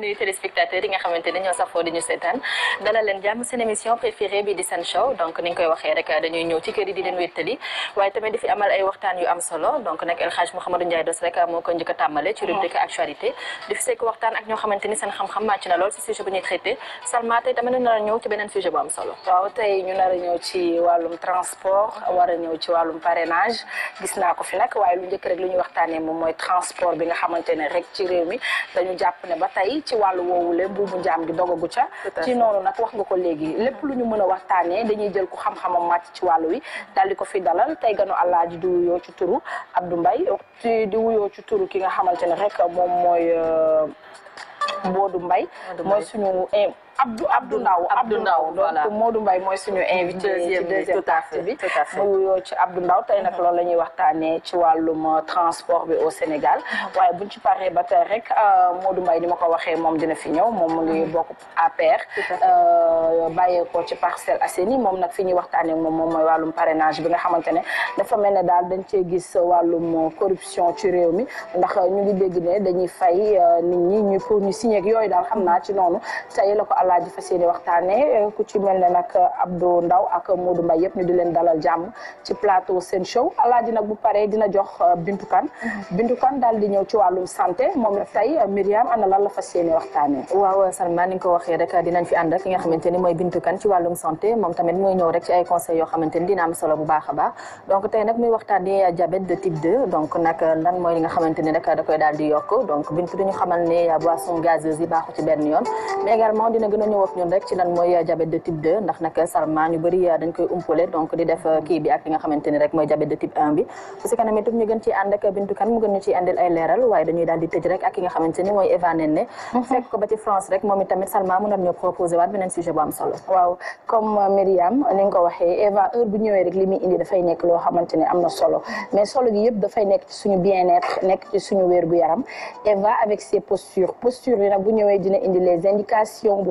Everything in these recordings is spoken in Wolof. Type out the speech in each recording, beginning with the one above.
nuyu téléspectateurs yi nga xamante ne ñoo safoo di ñu seetaan dalal leen jàmm seen émission préférée bi di Sen Show donc ni koy waxee rek dañuy ñëw ci kër yi di leen wéttali waaye tamit di fi amal ay waxtaan yu am solo donc nag El Hadj Mouhamadou Ndiaye Dos a tàmbale ci rubrique actualité di fi sekk waxtaan ak xamante ni seen xam-xam màcc na lool si sujet bu ñuy traité Salma tey tamit ñu nar a ñëw ci beneen sujet bu am solo waaw tey ñu nar a ñëw ci wàllum transport war ñëw ci wàllum parrainage gis naa ko fi nag waaye lu njëkk rek lu ñuy waxtaanee moom mooy transport bi nga xamante ne rek ci réew mi dañu tey bi ci wàllu woowule buubu njaam gi dogagu ca ci noonu nag wax nga ko léegi lépp lu ñu mën a waxtaanee dañuy jël ko xam-xamam màcc ci wàllu wi daal di ko fi dalal tey ganu àllaaji di wuyoo ci turu Abdou Mbaye di wuyoo ci turu ki nga xamante ne rek moom mooy euh, Mboodu mbay mooy suñu Abdou Abdou Ndaw Abdou Ndaw donc Modou Mbaye mooy suñu invité ci deuxième partie bi mu yoo ci Abdou Ndaw tay nak mm-hmm. loolu lañuy ñuy ci walum euh, transport bi au Sénégal mm-hmm. waye buñ ci paree ba tey rek euh, Modou Mbaye nima ko waxé mom dina fi ñëw mom mu ngi mm-hmm. bokk APR euh, bàyyeekoo ci Parcelles Assainies moom nag fi ñuy waxtaanee moom moom mooy wàllum parrainage bi nga xamantene dafa melni dal dañ cee gis walum corruption ci réew mi ndax ñu ngi dégg né dañuy fay nit ñi ñuy pour ñu signer ak yoy dal xamna ci nonu tey la ko allah ji fas yéene waxtaanee ku ci mel ne nag Abdou Ndaw ak Modou Mbaye yëpp ñu di leen dalal jàmm ci plateau seen show allah ji nag bu paree dina jox euh, Bintu Kan mhm. Bintu Kan di ñëw ci wàllum santé moom it tey euh, Myriam ana lan la fas yéene waxtaanee. waaw euh, Salma ni nga ko waxee rek dinañ fi ànd ak ki nga xamante ni mooy bintukan Kan ci wàllum santé moom tamit muy ñëw rek ci ay conseils yoo xamante ni dina am solo bu baax a baax donc tey nag muy waxtaan diabète de type donc nag lan mooy li xamante ni rek da koy daal di yokk donc Bintu dañu xamal ne boisson gazeuse yi baaxu ci benn yoon gën a ñëw ak ñun rek ci lan mooy diabète de type 2 ndax nag Salma ñu bëri ah, dañ koy umpale donc di def ah, kii bi ak li nga xamante ni rek mooy diabète de type 1 bi parce que kanam itam ñu gën ci ànd ak Bintu Kan mu gën ñu ciy àndil ay leeral waaye dañuy daal di tëj rek ak ki nga xamante ni mooy Eva Nene mm-hmm. fekk ko ba ci France rek moom itamit Salma mën nañu proposé waat beneen sujet bu am solo waaw comme euh, Myriam ni nga ko waxee Eva heure bu ñëwee rek li muy indi dafay nekk loo xamante ni am na solo mais solo gi yëpp dafay nekk ci suñu bien-être nekk ci suñu wér gu yaram Eva avec ses postures postures yi nag bu ñëwee dina indi les indications bu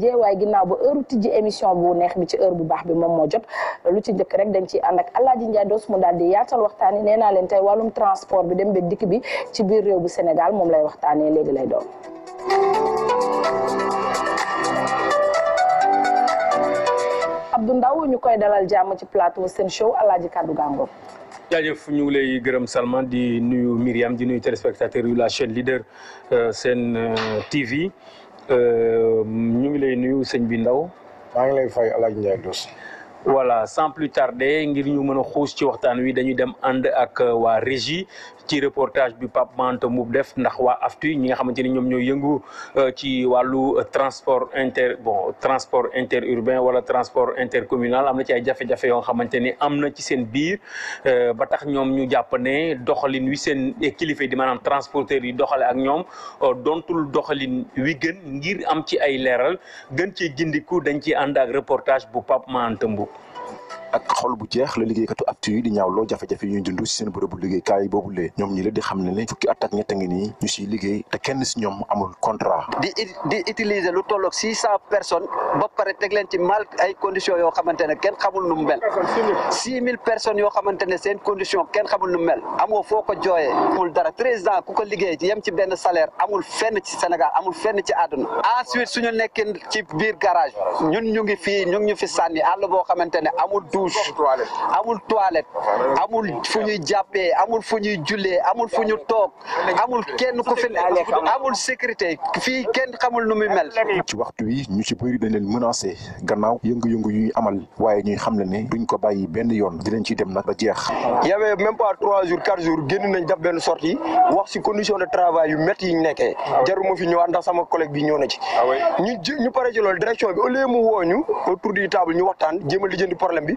tëjee waaye ginnaaw ba heure tijji émission bu neex bi ci heure bu baax bi moom moo jot lu ci njëkk rek dañ ci ànd ak Alaaji Njaay Doos mu daal di yaatal waxtaan yi nee naa leen tey wàllum transport bi dem beeg dikk bi ci biir réew bu Sénégal moom lay waxtaanee léegi lay doon. Abdou ñu koy dalal jàmm ci plateau seen show Alaaji Kaddu Gango. jaajëf ñu ngi lay gërëm Salma di nuyu Myriam di nuyu téléspectateur yu la chaîne leader euh, seen euh, TV. Euh, sëñ bi Ndaw maa ngi lay fay El Hadj Ndiaye Dos voilà sans plus tarder ngir ñu mën a xuus ci waxtaan wi dañuy dem ànd ak euh, waa régie ci reportage bi Pape Mante Mbuub def ndax wa AFTU ñi nga xamanteni ñom ñoy yëngu euh, ci walu euh, transport inter bon transport interurbain wala transport intercommunal amna ci ay jafé jafé yo xamanteni amna ci seen biir ba tax ñom ñu jàpp ne doxalin wi seen e, kilifa di manam transporteur yi doxalé ak ñom dontul doxalin wi gën ngir am ci ay léral gën ci gindiku dañ ci and ak reportage bu Pape Mante Mbuub ak xol bu jeex la liggéeykatu Aptu yi di ñaawloo jafe-jafe yi ñuy dund si seen bërëbu liggéeykaay boobu lee ñoom ñi la di xam ne ne fukki at ak ñett ngi nii ñu siy liggéey te kenn si ñoom amul contrat di di utiliser lu tolloog 600 personnes ba pare teg leen ci mal ay conditions yoo xamante ne kenn xamul nu mel 6000 personnes yoo xamante ne seen condition kenn xamul nu mel amoo foo ko jooyee amul dara treize ans ku ko liggéey yem ci benn salaire amul fenn ci Sénégal amul fenn ci àdduna ensuite suñu nekkin ci biir garage ñun ñu ngi fii ñu ngi fi sànni àll boo xamante ne amul douche amul toilette amul fuñuy jappé, amul fuñuy ñuy amul fu tok, amul kenn ko fi amul sécurité fi kenn xamul nu mel. ci waxtu wi ñu ci bari dañ leen menacer gannaaw yëngu-yëngu yuy amal waye ñuy xam le ne duñ ko bayyi benn yoon di dinañ ci dem nag ba jeex. y même pas 3 jours 4 jours génn nañ def benn sortie wax ci condition de travail yu métti yi ñu nekkee ah jaruma fi ñëwaat ndax sama collègue bi ñëw na ci. Ah ñu ñu paré ci lool direction bi au lieu mu woo autour du table ñu waxtaan jéem a lijjanti problème bi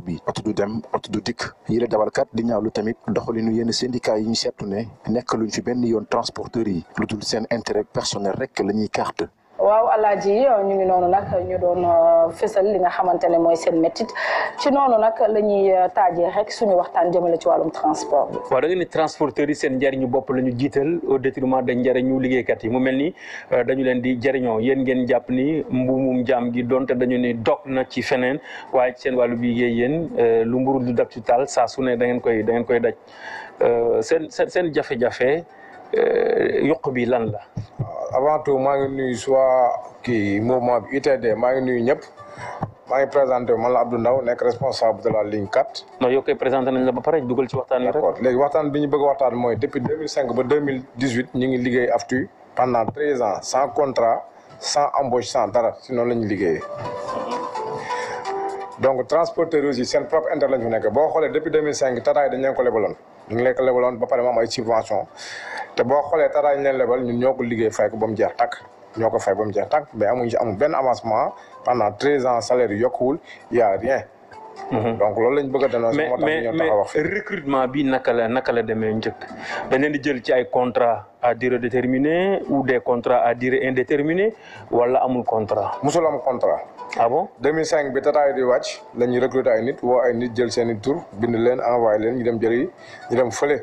gox bi oto du dem oto du dikk yile kat di ñaawlu tamit doxalinu yenn syndicat yi ñu seetlu ne nekkaluñ fi benn yoon transporteur yi lu dul seen intérêt personnel rek la ñuy carte waaw alaaji euh, ñu ngi noonu nag ñu doon euh, fësal li nga xamante ne mooy seen métit ci noonu nag la ñuy euh, taajee rek suñu waxtaan jëmale ci wàllum transport bi. waaw da ni transporteurs yi seen njariñu bopp la ñu jiital au détriment njariñu njëriñu liggéeykat yi mu mel ni dañu leen di jariñoo yéen ngeen jàpp ni mbuumum jaam gi donte dañu ne dog na ci feneen waaye ci seen wàllu liggéey yéen lu mburu du dab ci taal saa su ne da ngeen koy da koy daj seen seen seen jafe-jafe. Eh, yokk bi lan la. Ah, avant tout maa ngi nuyu soit kii mouvement bi UTD maa ngi nuyu ñëpp maa ngi présenté man la Abdou Ndaw nekk responsable de la ligne 4. non yow koy présenté nañ la ba pare dugal ci waxtaan yi rek. léegi waxtaan bi ñu bëgg waxtaan mooy depuis 2005 ba 2018 ñu ngi liggéey AFTU pendant 13 ans sans contrat sans embauche sans dara si noonu la donc transporteur yi seen propre intérêt la ñu fi nekk boo xoolee depuis 2005 tataay dañ leen ko lebaloon. ñu ngi leen ko lebaloon ba pare mu am ay subventions te boo xoolee tara leen lebal ñun ñoo ko liggéey fay ko ba mu jeex tàkk ñoo ko fay ba mu jeex tàkk mais amuñu ci amul benn avancement pendant treize ans salaire yi yokkuwul y a rien. Mhm. donc loolu lañ bëgg a dénoncer moo tax ñoo tax wax mais mais recrutement bi naka la naka la demee njëkk dañ di jël ci ay contrat à durée déterminée ou des contrats à durée indéterminée wala amul contrat. musul am contrat. ah bon 2005 bi tataay di wàcc lañu ñuy recruter ay nit woo ay nit jël seen i tur bind leen envoyé leen ñu dem jëri ñu dem fële.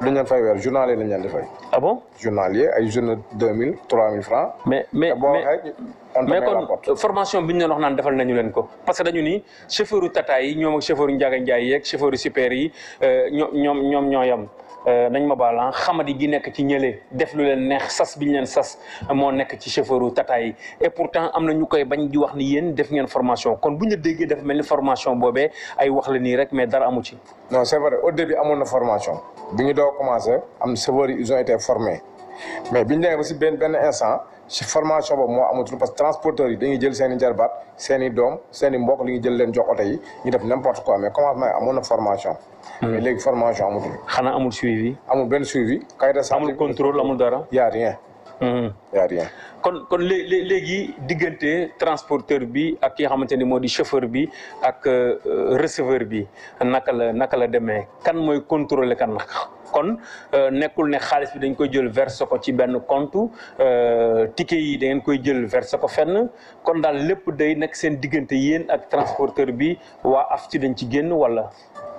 duñ leen fay weer journalier lañ leen di fay. ah bon journalier ay journée 2000 3000 francs. mais mais mais kon formation bi ñu leen wax naan defal nañu leen ko. parce que dañu ni chauffeur Tata yi ñoom ak chauffeur njaga Ndiaga Ndiaye yeeg chauffeur Super yi euh, ñoom ñoom ñoo yam euh, nañ ma balan ah, xamadi gi nekk ci ñëlé def lu leen neex sas biñu leen sas moo nekk ci chauffeur Tata yi et pourtant am na ñu koy bañ di wax ni yéen def ngeen formation kon bu ñu déggee dafa mel ni formation boobee ay wax la nii rek mais dara amu ci. non c'est vrai au début amoon na formation. bi ñu doo commencé am serveurs yi ils ont été formés mais bi ñu demee ba si benn benn instant si formation boobu moo amatul parce que transporteurs yi dañuy jël seen i jarbaat seen i doom seen i mbokk li ñuy jël leen jox oto yi ñu def n'importe quoi mais commencement yi amoon na formation. Hmm. mais léegi formation amatul. xanaa amul suivi. amul benn suivi. kayit de santé amul contrôle dara. y rien. Mmh. y a rien. kon kon léegi diggante transporteur bi ak ki nga chauffeur bi ak euh, receveur bi nakala la naka kan moy contrôler kan kon euh, nekul né xaalis bi dañ koy jël vers ko ci ben compte euh ticket yi dañ koy jël vers ko fenn kon dal lepp day nekk sen diggante yeen ak transporteur bi wa af ci dañ ci génn wala.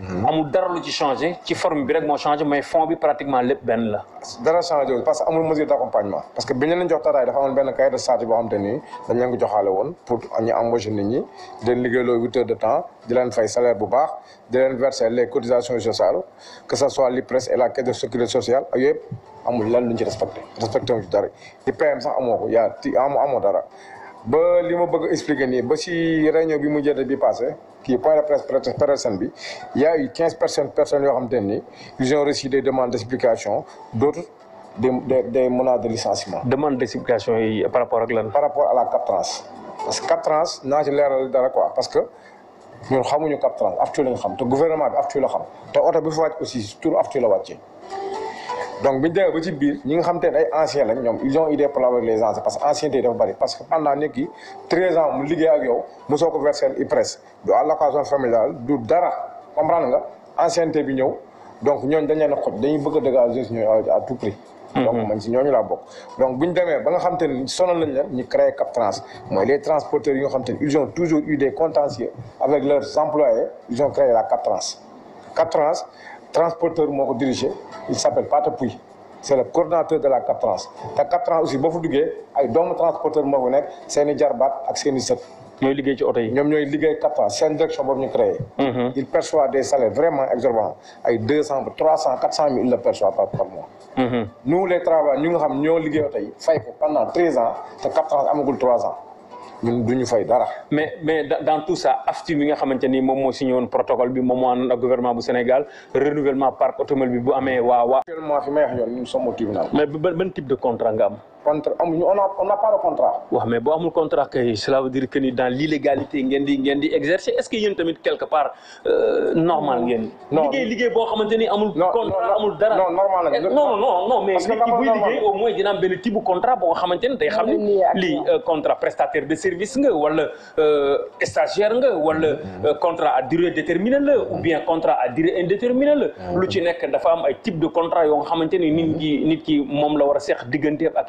Mhm. amul dara lu ci changé ci forme bi rek moo changé mais fond bi pratiquement lépp benn la. dara changé wul parce que amul mesure d' accompagnement. parce que bi ñu leen jox tataay dafa amoon benn cahier de woon pour ñu embaucher nit ñi di leen liggéeyloo huit heures de temps di leen fay salaire bu baax di leen verser les cotisations que ça soit l'IPRES et la caisse de sécurité sociale ak amul lan luñ ci respecté respecté wuñ ci dara IPM sax amoo ko yaa ti amoo dara. ba li ma bëgg a expliquer nii ba si réunion bi mu jënd bi passé kii point de presse personne bi y a eu quinze personnes personnes yoo xam te ni ils ont reçu des demandes d'explication d'autres des des menaces de licenciement. demande d'explication yi par rapport ak lan. par rapport à la captance parce que captance naa ci leeral dara quoi parce que ñun xamuñu captance Aftu lañ xam te gouvernement bi Aftu la xam te oto bi fa wàcc aussi tur Aftu la wàccee donc biñu demee ba ci biir ñi nga xam te ay anciens lañ ils ont eu des problèmes avec les anciens parce que ancienneté dafa bëri parce que pendant nit 13 ans mu liggéey ak yow mosoo ko versé IPRES du allocation familiale du dara comprendre nga ancienneté bi ñëw donc ñooñu dañ leen a xoj dañuy bëgg a dégager si à tout prix mm-hmm. donc man si ñooñu laa bokk donc bu ñu demee ba nga xam te ne sonal nañ leen ñu créé Cap Trans mooy les transporteurs yi nga xam te ils ont toujours eu des contentieux avec leurs employés ils ont créé la Cap Trans Cap Trans transporteur moko dirigé il s'appelle Patapuy c'est le coordinateur de la captrance ta captrance aussi bo fu duggé ay doom transporteur moko nek seni jarbat ak seni seut ñoy liggé ci auto yi ñom ñoy liggé captrance sen direction créé mm-hmm. il perçoit des salaires vraiment exorbitants ay 200 300 400 000 il par, mois mm-hmm. nous les travailleurs, nous avons fait pendant 13 ans, 4 ans, 3 ans ñun du fay dara. mais mais dans tout ça Afti, bi nga xamante ni moom signé woon protocole bi moom moo gouvernement du Sénégal renouvellement parc automobile bi bu amee waa waa. actuellement fi may wax ñoom ñun sommes au tribunal. mais ban ban type de contrat nga am contre amuñu on a on n'a pas de contrat. wax mais boo amul contrat c'est cela veut dire que ni dans l'illégalité ngeen di exercer est-ce qu'il y que yéen tamit quelque part euh, normal ngeen. non liggéey liggéey boo xamante amul. contrat amul dara eh, non non non non mais. parce que normal buy au moins dina am benn type de contrat boo xamante ni day xam ni euh, contrat prestataire de service nga wala euh, stagiaire nga wala mm-hmm. contrat à durée déterminée ou bien contrat à durée indéterminée la. Mm-hmm. lu ci nekk dafa am ay type de contrat yoo xamante ni nit ki nit ki moom la war a seq diggante ak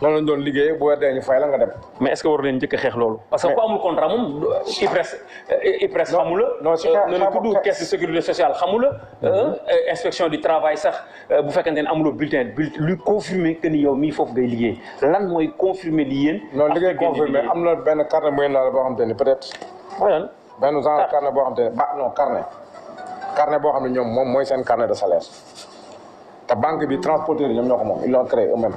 loolu lañ doon liggéey bu weer ñu fay la nga dem. mais est ce que war leen njëkk a xeex loolu. parce que ku amul contrat moom IPRES. IPRES xamu la. non si xeex xamu tudd caisse de sécurité sociale xamu la. Mhm. Euh, inspection du travail sax euh, bu fekkente ne amuloo bulletin lu confirmer que ni yow mii foofu ngay liggéey lan mooy confirmer li yéen. non liggéey confirmer am na benn carnet bu ngeen la boo xam te ni peut être. mooy benn genre carnet boo xam te ba non carnet. carnet boo xam ne ñoom moom mooy seen carnet de salaire te banque bi transporteur yi ñoom ñoo ko moom ils l'ont créé eux-mêmes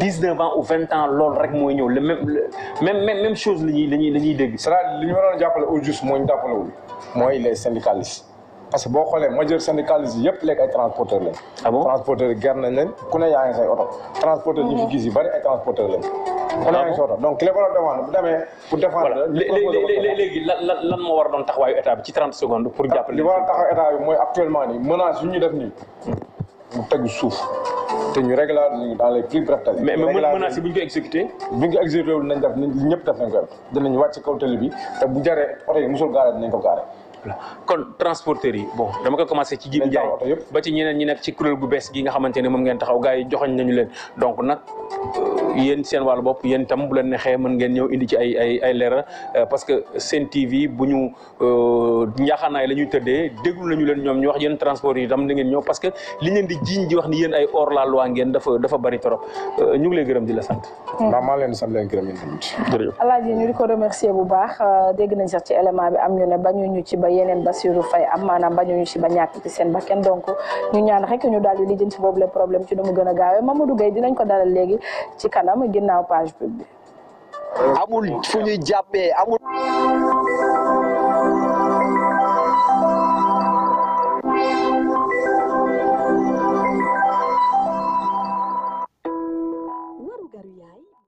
19 ans ou 20 ans lol, rek moy ñew le même même même chose lañuy lañuy la ñuy la dégg. cest à li ñu waroon jappalé au juste moy ñu jàppalewul mooy les syndicalistes parce que bo xolé majeur syndicalistes yépp léegi ay transporteurs lañ. ah bon transporteurs yi nañ leen ku ne yaa ngi say auto transporteurs yi fi gis yi bari ay transporteurs lañ. ku ne ah yaa ngi donc ki la ko demande bu démé pour défendre légui lan mo war a doon taxawaayu état bi ci 30 secondes. pour ah, jappalé li war a taxaw état bi moy actuellement ni menace yu ñu def ni mu tegu suuf. te ñu réglar ñu dans les plus brefs délais. mais mais menace yi bu ñu ko exécuté. bu ko exécuté nañ def ñëpp def nañ ko def dinañ kaw tali bi te bu jaree oto yi musul gaare dinañ ko gaare. peuple kon transporteur yi bon dama ko commencé ci Jim ndjay ba ci ñeneen ñi nek ci kurel bu bes gi nga xamante mom ngeen taxaw gaay joxagn nañu leen donc nak euh, yeen seen wàllu bop yeen tam bu leen nexé mën ngeen ñew indi ci ay ay ay leeral euh, parce que sen TV bu ñu ñaxanaay euh, lañuy teudé déglu lañu leen ñom ñu wax yeen transport yi itam da ngeen ñew parce que li ñeen di jiiñ di wax ni yeen ay hors la loi ngeen dafa dafa bari torop ñu ngi lay gëreem di la sante mmh. maa ma leen sante leen gëreem yéen tamit Allah alaaji ñu di ko remercier bu baax dégg nañ sax ci élément bi am ñu ne bañu ñu ci bay yeneen Bassirou Faye am maanaam bañuñu si ba ñàkk ci seen bakkan donc ñu ñaan rek ñu daal di lijjanti boobu le problème ci nu gën a gaawee Mamadou Gueye dinañ ko dalal léegi ci kanam ginnaaw page pub bi amul fu ñuy jàppee amul